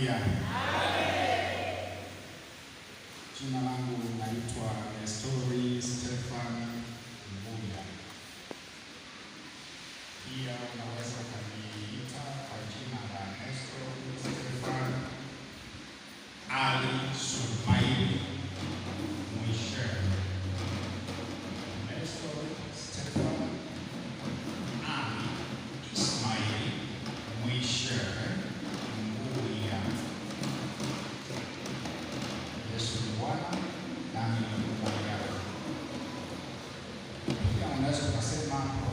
Haleluya. Jina langu naitwa Nestori Stefan Mbuya. Pia unaweza kuniita kwa jina la Nestori Stefan Ali Sumai.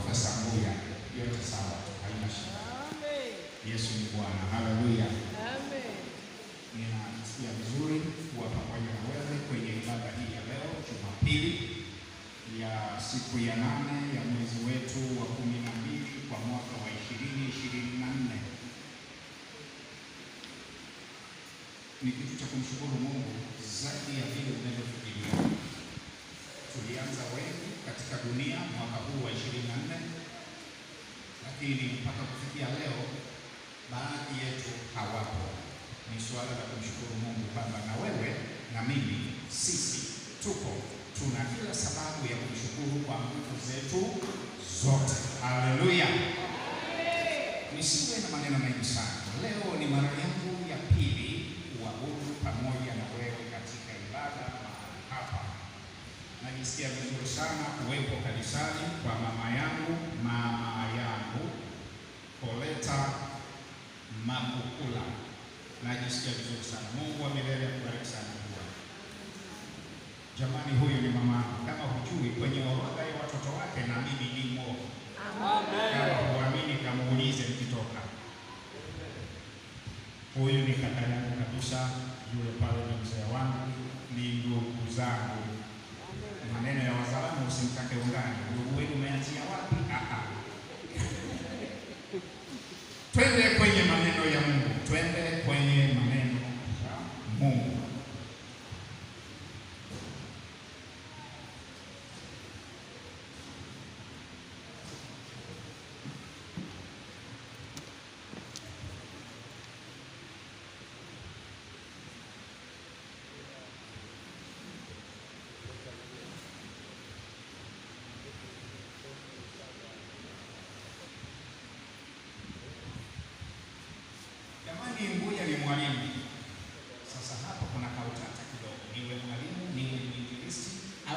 na Sambuya yote sawa, haina shida. Yesu ni Bwana, haleluya. Ninasikia vizuri kuwa pamoja na wewe kwenye ibada hii ya leo Jumapili ya siku ya nane ya mwezi wetu wa kumi na mbili kwa mwaka wa ishirini ishirini na nne. Ni kitu cha kumshukuru Mungu zaidi ya vile unavyo ili mpaka kufikia leo baadhi yetu hawapo. Ni suala la kumshukuru Mungu kwamba na wewe na mimi sisi tupo, tuna kila sababu ya kumshukuru kwa nguvu zetu zote. Haleluya! Nisiwe na maneno mengi sana. Leo ni mara yangu ya pili kuabudu pamoja na wewe katika ibada mahali hapa. Najisikia vizuri sana kuwepo kanisani kwa mama yangu mama najisikia vizuri sana. Mungu wa milele akubariki sana Bwana. Jamani, huyu ni mama, kama hujui kwenye orodha ya watoto wake na mimi nimo. Amen. Kama huamini kamuulize nikitoka. Huyu ni kaka yangu kabisa, yule pale ni mzee wangu, ni ndugu zangu. Maneno ya wazalamu usimtake ungani. Ndugu wenu umeanzia wapi? Ah ah. Twende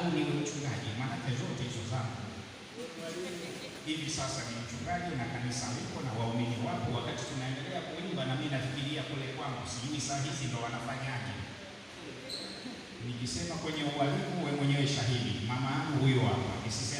au niwe mchungaji, maana zote hizo zangu hivi sasa ni mchungaji na kanisa liko na waumini wapo. Wakati tunaendelea kuimba, na mimi nafikiria kule kwangu, sijui saa hizi ndo wanafanyaje. Nikisema kwenye ualimu, wewe mwenyewe shahidi, mama yangu huyo hapa, nisiseme